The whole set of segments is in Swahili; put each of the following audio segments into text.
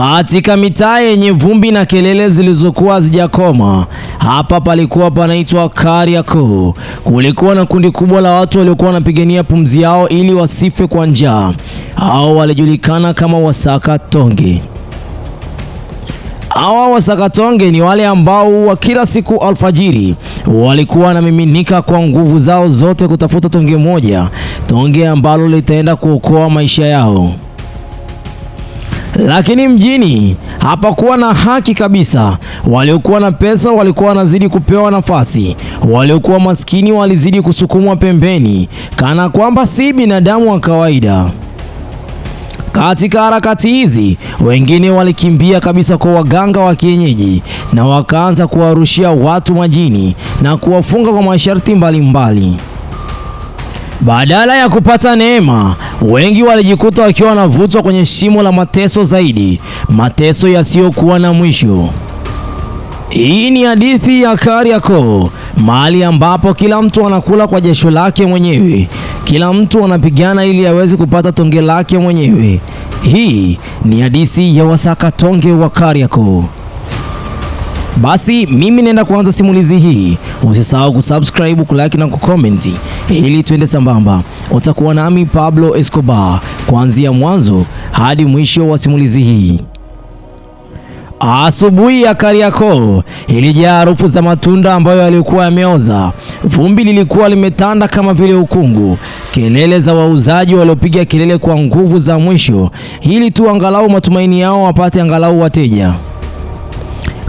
Katika mitaa yenye vumbi na kelele zilizokuwa hazijakoma, hapa palikuwa panaitwa Kariakoo. Kulikuwa na kundi kubwa la watu waliokuwa wanapigania pumzi yao ili wasife kwa njaa. Hao walijulikana kama wasakatonge. Hawa wasakatonge ni wale ambao wa kila siku alfajiri walikuwa wanamiminika kwa nguvu zao zote kutafuta tonge moja, tonge ambalo litaenda kuokoa maisha yao lakini mjini hapakuwa na haki kabisa. Waliokuwa na pesa walikuwa wanazidi kupewa nafasi, waliokuwa maskini walizidi kusukumwa pembeni, kana kwamba si binadamu wa kawaida. Katika harakati hizi wengine walikimbia kabisa kwa waganga wa kienyeji na wakaanza kuwarushia watu majini na kuwafunga kwa masharti mbalimbali mbali. Badala ya kupata neema, wengi walijikuta wakiwa wanavutwa kwenye shimo la mateso zaidi, mateso yasiyokuwa na mwisho. Hii ni hadithi ya Kariakoo, mahali ambapo kila mtu anakula kwa jasho lake mwenyewe, kila mtu anapigana ili aweze kupata tonge lake mwenyewe. Hii ni hadithi ya wasaka tonge wa Kariakoo. Basi mimi naenda kuanza simulizi hii. Usisahau kusubscribe, kulike na kukomenti ili twende sambamba. Utakuwa nami Pablo Escobar kuanzia mwanzo hadi mwisho wa simulizi hii. Asubuhi ya Kariakoo ilijaa harufu za matunda ambayo yalikuwa yameoza. Vumbi lilikuwa limetanda kama vile ukungu. Kelele za wauzaji waliopiga kelele kwa nguvu za mwisho ili tu angalau matumaini yao wapate angalau wateja.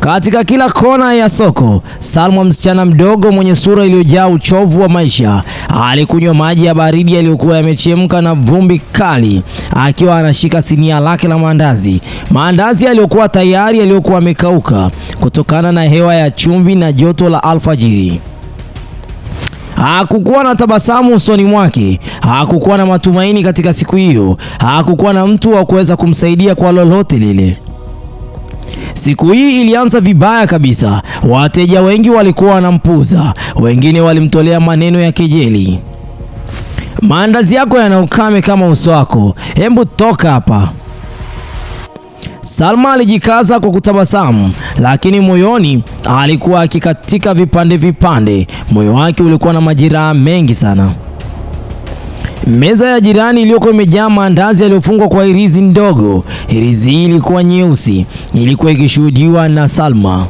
Katika kila kona ya soko, Salma, msichana mdogo mwenye sura iliyojaa uchovu wa maisha, alikunywa maji ya baridi yaliyokuwa yamechemka na vumbi kali, akiwa anashika sinia lake la maandazi, maandazi yaliyokuwa tayari yaliyokuwa yamekauka kutokana na hewa ya chumvi na joto la alfajiri. Hakukuwa na tabasamu usoni mwake, hakukuwa na matumaini katika siku hiyo, hakukuwa na mtu wa kuweza kumsaidia kwa lolote lile. Siku hii ilianza vibaya kabisa. Wateja wengi walikuwa wanampuza, wengine walimtolea maneno ya kejeli. Maandazi yako yana ukame kama uso wako, hebu toka hapa. Salma alijikaza kwa kutabasamu, lakini moyoni alikuwa akikatika vipande vipande. Moyo wake ulikuwa na majeraha mengi sana. Meza ya jirani iliyokuwa imejaa maandazi yaliyofungwa kwa irizi ndogo. Irizi hii ilikuwa nyeusi, ilikuwa ikishuhudiwa na Salma.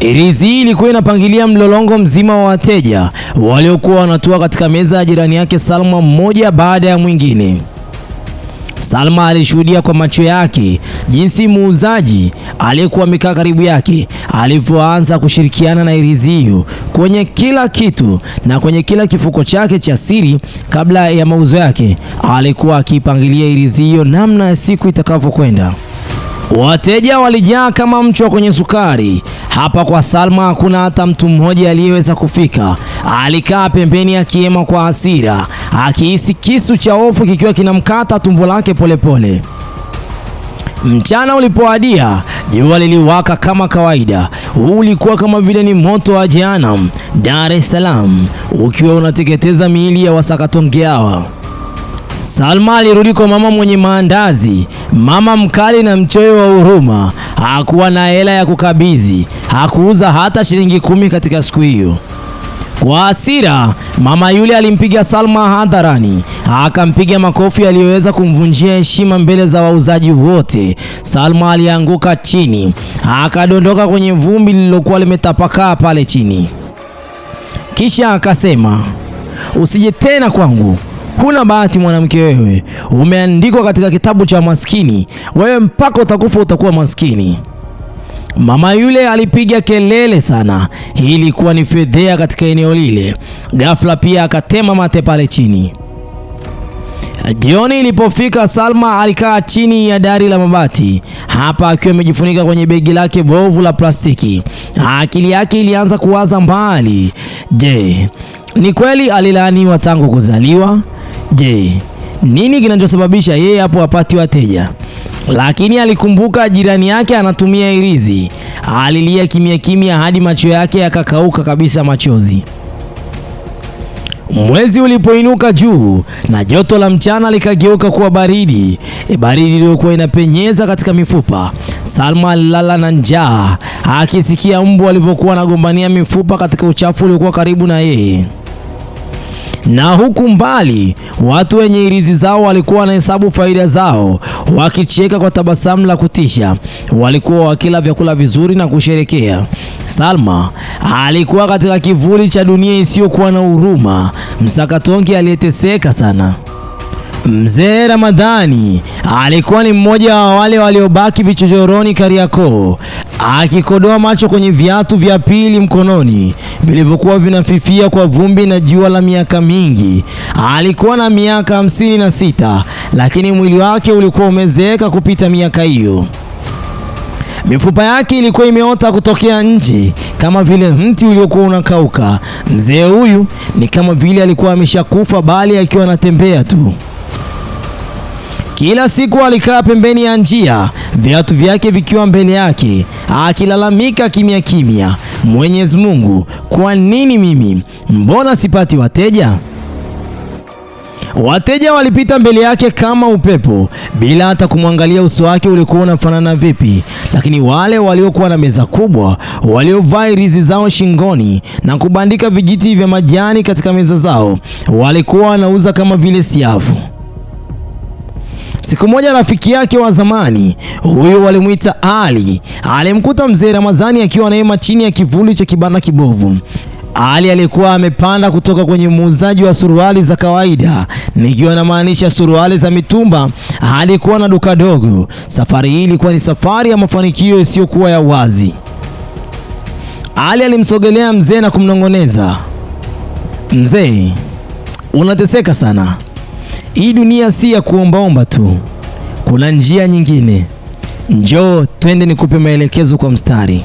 Irizi hii ilikuwa inapangilia mlolongo mzima wa wateja waliokuwa wanatua katika meza ya jirani yake Salma, mmoja baada ya mwingine. Salma alishuhudia kwa macho yake jinsi muuzaji aliyekuwa amekaa karibu yake alivyoanza kushirikiana na Iriziyu kwenye kila kitu na kwenye kila kifuko chake cha siri. Kabla ya mauzo yake, alikuwa akiipangilia Iriziyu namna ya siku itakavyokwenda. Wateja walijaa kama mchwa kwenye sukari. Hapa kwa Salma hakuna hata mtu mmoja aliyeweza kufika. Alikaa pembeni akiema kwa hasira, akihisi kisu cha hofu kikiwa kinamkata tumbo lake polepole. Mchana ulipoadia, jua liliwaka kama kawaida. Huu ulikuwa kama vile ni moto wa Jehanamu, Dar es Salaam ukiwa unateketeza miili ya wasakatongeawa hawa. Salma alirudi kwa mama mwenye maandazi, mama mkali na mchoyo wa huruma. Hakuwa na hela ya kukabidhi, hakuuza hata shilingi kumi katika siku hiyo. Kwa hasira, mama yule alimpiga Salma hadharani, akampiga makofi aliyoweza kumvunjia heshima mbele za wauzaji wote. Salma alianguka chini, akadondoka kwenye vumbi lililokuwa limetapakaa pale chini, kisha akasema, usije tena kwangu. Huna bahati mwanamke, wewe umeandikwa katika kitabu cha maskini. Wewe mpaka utakufa utakuwa maskini. Mama yule alipiga kelele sana. Hii ilikuwa ni fedhea katika eneo lile. Ghafla pia akatema mate pale chini. Jioni ilipofika, Salma alikaa chini ya dari la mabati, hapa akiwa amejifunika kwenye begi lake bovu la plastiki. Akili yake ilianza kuwaza mbali. Je, ni kweli alilaaniwa tangu kuzaliwa? Je, nini kinachosababisha yeye hapo apati wateja? Lakini alikumbuka jirani yake anatumia irizi. Alilia kimya kimya hadi macho yake yakakauka kabisa machozi. Mwezi ulipoinuka juu na joto la mchana likageuka kuwa baridi, e, baridi iliyokuwa inapenyeza katika mifupa. Salma alilala na njaa, akisikia mbu walivyokuwa wanagombania mifupa katika uchafu uliokuwa karibu na yeye na huku mbali watu wenye irizi zao walikuwa wanahesabu faida zao, wakicheka kwa tabasamu la kutisha. Walikuwa wakila vyakula vizuri na kusherekea. Salma alikuwa katika kivuli cha dunia isiyokuwa na huruma, msakatonge aliyeteseka sana. Mzee Ramadhani alikuwa ni mmoja wa wale waliobaki vichochoroni Kariakoo akikodoa macho kwenye viatu vya pili mkononi vilivyokuwa vinafifia kwa vumbi na jua la miaka mingi. Alikuwa na miaka hamsini na sita, lakini mwili wake ulikuwa umezeeka kupita miaka hiyo. Mifupa yake ilikuwa imeota kutokea nje kama vile mti uliokuwa unakauka. Mzee huyu ni kama vile alikuwa ameshakufa, bali akiwa anatembea tu. Kila siku alikaa pembeni ya njia, viatu vyake vikiwa mbele yake, akilalamika kimya kimya, Mwenyezi Mungu, kwa nini mimi? Mbona sipati wateja? Wateja walipita mbele yake kama upepo, bila hata kumwangalia. Uso wake ulikuwa unafanana vipi? Lakini wale waliokuwa na meza kubwa, waliovaa irizi zao shingoni na kubandika vijiti vya majani katika meza zao, walikuwa wanauza kama vile siafu. Siku moja rafiki yake wa zamani huyo walimwita Ali alimkuta mzee Ramadhani akiwa anaema chini ya kivuli cha kibanda kibovu. Ali alikuwa amepanda kutoka kwenye muuzaji wa suruali za kawaida, nikiwa namaanisha suruali za mitumba, alikuwa na duka dogo. Safari hii ilikuwa ni safari ya mafanikio isiyokuwa ya wazi. Ali alimsogelea mzee na kumnong'oneza, mzee, unateseka sana hii dunia si ya kuombaomba tu, kuna njia nyingine. Njoo twende nikupe maelekezo kwa mstari.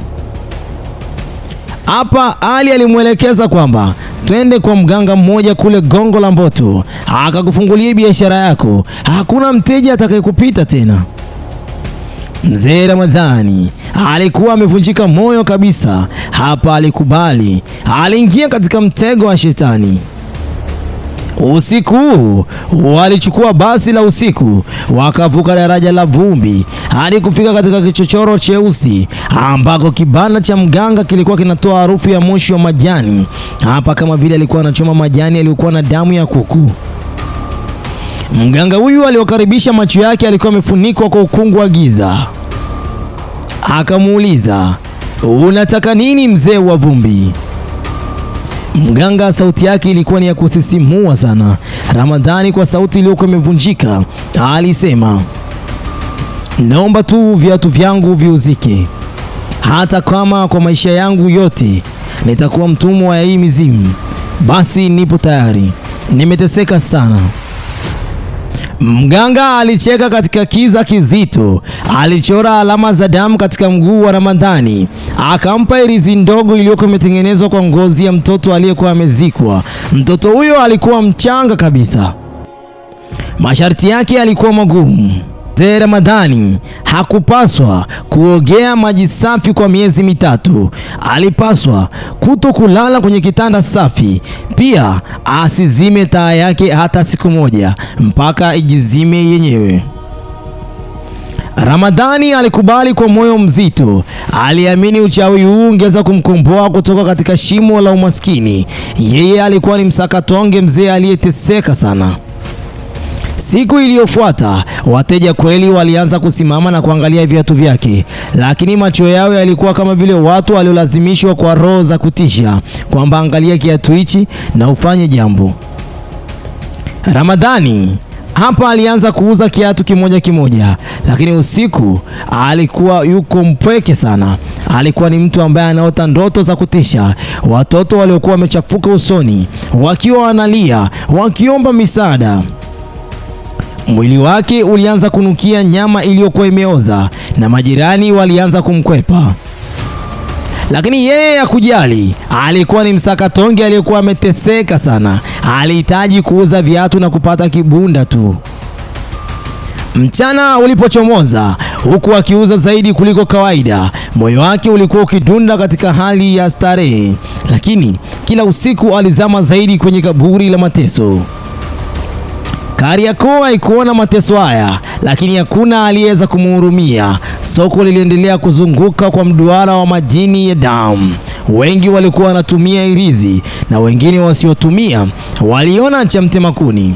Hapa Ali alimwelekeza kwamba twende kwa mganga mmoja kule Gongo la Mboto, akakufungulia biashara yako, hakuna mteja atakayekupita tena. Mzee Ramadhani alikuwa amevunjika moyo kabisa. Hapa alikubali, aliingia katika mtego wa shetani. Usiku huu walichukua basi la usiku, wakavuka daraja la vumbi hadi kufika katika kichochoro cheusi ambako kibanda cha mganga kilikuwa kinatoa harufu ya moshi wa majani. Hapa kama vile alikuwa anachoma majani yaliyokuwa na damu ya kuku. Mganga huyu aliwakaribisha, macho yake alikuwa amefunikwa kwa ukungu wa giza. Akamuuliza, unataka nini mzee wa vumbi? Mganga sauti yake ilikuwa ni ya kusisimua sana. Ramadhani kwa sauti iliyokuwa imevunjika alisema, naomba tu viatu vyangu viuzike, hata kama kwa maisha yangu yote nitakuwa mtumwa ya hii mizimu, basi nipo tayari, nimeteseka sana. Mganga alicheka katika kiza kizito, alichora alama za damu katika mguu wa Ramadhani, akampa irizi ndogo iliyokuwa imetengenezwa kwa ngozi ya mtoto aliyekuwa amezikwa. Mtoto huyo alikuwa mchanga kabisa, masharti yake yalikuwa magumu. Mzee Ramadhani hakupaswa kuogea maji safi kwa miezi mitatu. Alipaswa kuto kulala kwenye kitanda safi, pia asizime taa yake hata siku moja mpaka ijizime yenyewe. Ramadhani alikubali kwa moyo mzito. Aliamini uchawi huu ungeweza kumkomboa kutoka katika shimo la umaskini. Yeye alikuwa ni msakatonge, mzee aliyeteseka sana. Siku iliyofuata wateja kweli walianza kusimama na kuangalia viatu vyake, lakini macho yao yalikuwa kama vile watu waliolazimishwa kwa roho za kutisha kwamba angalia kiatu hichi na ufanye jambo. Ramadhani hapa alianza kuuza kiatu kimoja kimoja, lakini usiku alikuwa yuko mpweke sana. Alikuwa ni mtu ambaye anaota ndoto za kutisha, watoto waliokuwa wamechafuka usoni wakiwa wanalia wakiomba misaada. Mwili wake ulianza kunukia nyama iliyokuwa imeoza na majirani walianza kumkwepa, lakini yeye hakujali. Alikuwa ni msakatonge aliyekuwa ameteseka sana, alihitaji kuuza viatu na kupata kibunda tu. Mchana ulipochomoza, huku akiuza zaidi kuliko kawaida, moyo wake ulikuwa ukidunda katika hali ya starehe, lakini kila usiku alizama zaidi kwenye kaburi la mateso. Kariakoo haikuona mateso haya, lakini hakuna aliyeweza kumhurumia. Soko liliendelea kuzunguka kwa mduara wa majini ya damu. Wengi walikuwa wanatumia irizi na wengine wasiotumia waliona cha mtemakuni.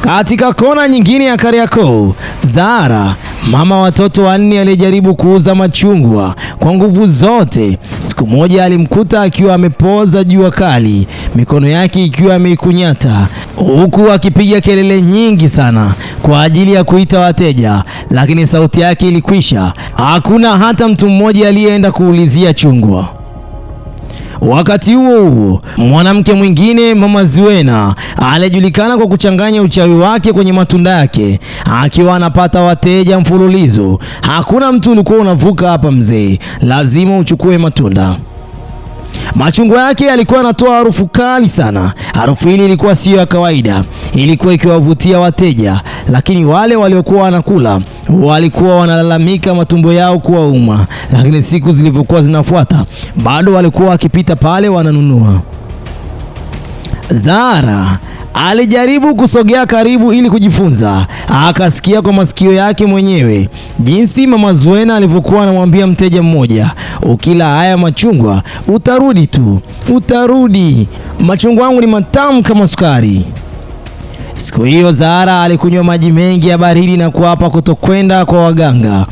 Katika kona nyingine ya Kariakoo, zara Mama watoto wanne alijaribu kuuza machungwa kwa nguvu zote. Siku moja alimkuta akiwa amepooza jua kali, mikono yake ikiwa ameikunyata, huku akipiga kelele nyingi sana kwa ajili ya kuita wateja, lakini sauti yake ilikwisha. Hakuna hata mtu mmoja aliyeenda kuulizia chungwa. Wakati huo huo, mwanamke mwingine mama Ziwena alijulikana kwa kuchanganya uchawi wake kwenye matunda yake, akiwa anapata wateja mfululizo. Hakuna mtu ulikuwa unavuka hapa mzee, lazima uchukue matunda. Machungwa yake yalikuwa yanatoa harufu kali sana. Harufu hili ilikuwa siyo ya kawaida, ilikuwa ikiwavutia wateja, lakini wale waliokuwa wanakula walikuwa wanalalamika matumbo yao kuwa uma, lakini siku zilivyokuwa zinafuata bado walikuwa wakipita pale wananunua. Zara Alijaribu kusogea karibu ili kujifunza, akasikia kwa masikio yake mwenyewe jinsi mama Zuena alivyokuwa anamwambia mteja mmoja, ukila haya machungwa utarudi tu, utarudi. Machungwa yangu ni matamu kama sukari. Siku hiyo zara alikunywa maji mengi ya baridi na kuapa kutokwenda kwa waganga.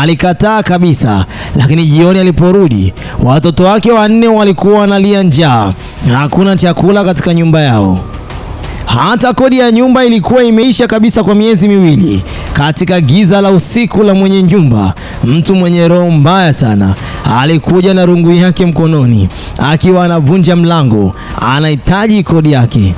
Alikataa kabisa, lakini jioni aliporudi, watoto wake wanne walikuwa wanalia njaa, hakuna chakula katika nyumba yao. Hata kodi ya nyumba ilikuwa imeisha kabisa kwa miezi miwili. Katika giza la usiku la mwenye nyumba, mtu mwenye roho mbaya sana alikuja na rungu yake mkononi, akiwa anavunja mlango, anahitaji kodi yake.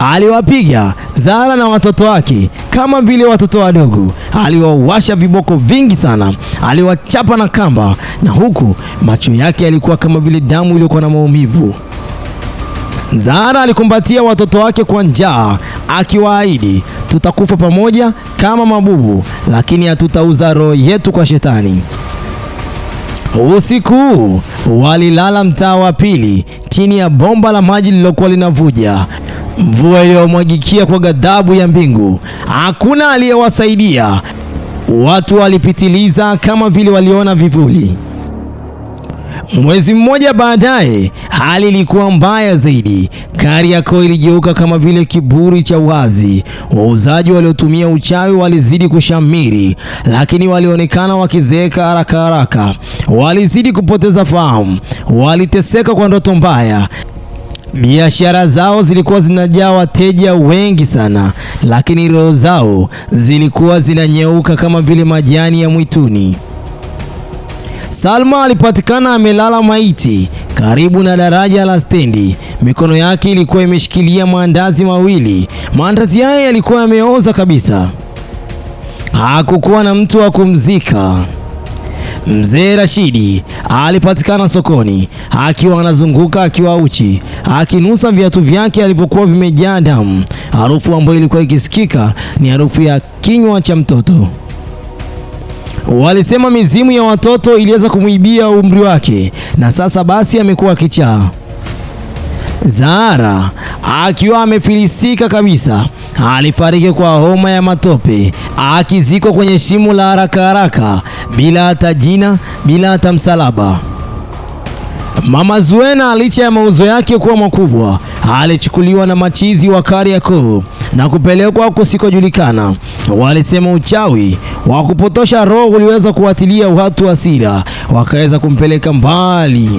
Aliwapiga Zara na watoto wake kama vile watoto wadogo, aliwawasha viboko vingi sana, aliwachapa na kamba, na huku macho yake yalikuwa kama vile damu iliyokuwa na maumivu zara alikumbatia watoto wake kwa njaa, akiwaahidi tutakufa pamoja kama mabubu, lakini hatutauza roho yetu kwa shetani. Usiku huu walilala mtaa wa pili chini ya bomba la maji lililokuwa linavuja. Mvua iliyomwagikia kwa ghadhabu ya mbingu. Hakuna aliyewasaidia. Watu walipitiliza kama vile waliona vivuli. Mwezi mmoja baadaye, hali ilikuwa mbaya zaidi. Kariakoo iligeuka kama vile kiburi cha wazi. Wauzaji waliotumia uchawi walizidi kushamiri, lakini walionekana wakizeeka haraka haraka. Walizidi kupoteza fahamu, waliteseka kwa ndoto mbaya. Biashara zao zilikuwa zinajaa wateja wengi sana, lakini roho zao zilikuwa zinanyeuka kama vile majani ya mwituni. Salma alipatikana amelala maiti karibu na daraja la stendi. Mikono yake ilikuwa imeshikilia maandazi mawili. Maandazi haya yalikuwa yameoza kabisa. Hakukuwa na mtu wa kumzika. Mzee Rashidi alipatikana sokoni akiwa anazunguka akiwa uchi, akinusa viatu vyake alivyokuwa vimejaa damu. Harufu ambayo ilikuwa ikisikika ni harufu ya kinywa cha mtoto. Walisema mizimu ya watoto iliweza kumwibia umri wake na sasa basi amekuwa kichaa. Zahara akiwa amefilisika kabisa alifariki kwa homa ya matope akizikwa kwenye shimo la haraka haraka bila hata jina, bila hata msalaba. Mama Zuena licha ya mauzo yake kuwa makubwa, alichukuliwa na machizi wa Kariakoo na kupelekwa kusikojulikana. Walisema uchawi wa kupotosha roho uliweza kuwatilia watu hasira, wakaweza kumpeleka mbali.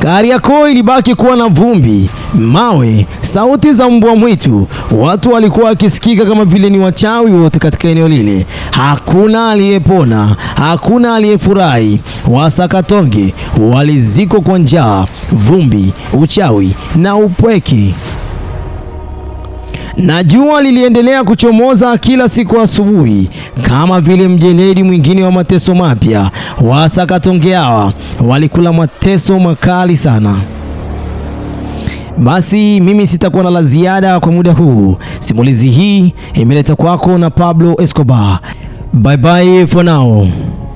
Kariakoo ilibaki kuwa na vumbi, mawe Sauti za mbwa mwitu, watu walikuwa wakisikika kama vile ni wachawi wote katika eneo lile. Hakuna aliyepona, hakuna aliyefurahi. Wasakatonge walizikwa kwa njaa, vumbi, uchawi na upweke na jua liliendelea kuchomoza kila siku asubuhi, kama vile mjeledi mwingine wa mateso mapya. Wasakatonge hawa walikula mateso makali sana. Basi mimi sitakuwa na la ziada kwa muda huu. Simulizi hii imeleta kwako na Pablo Escobar. Bye bye for now.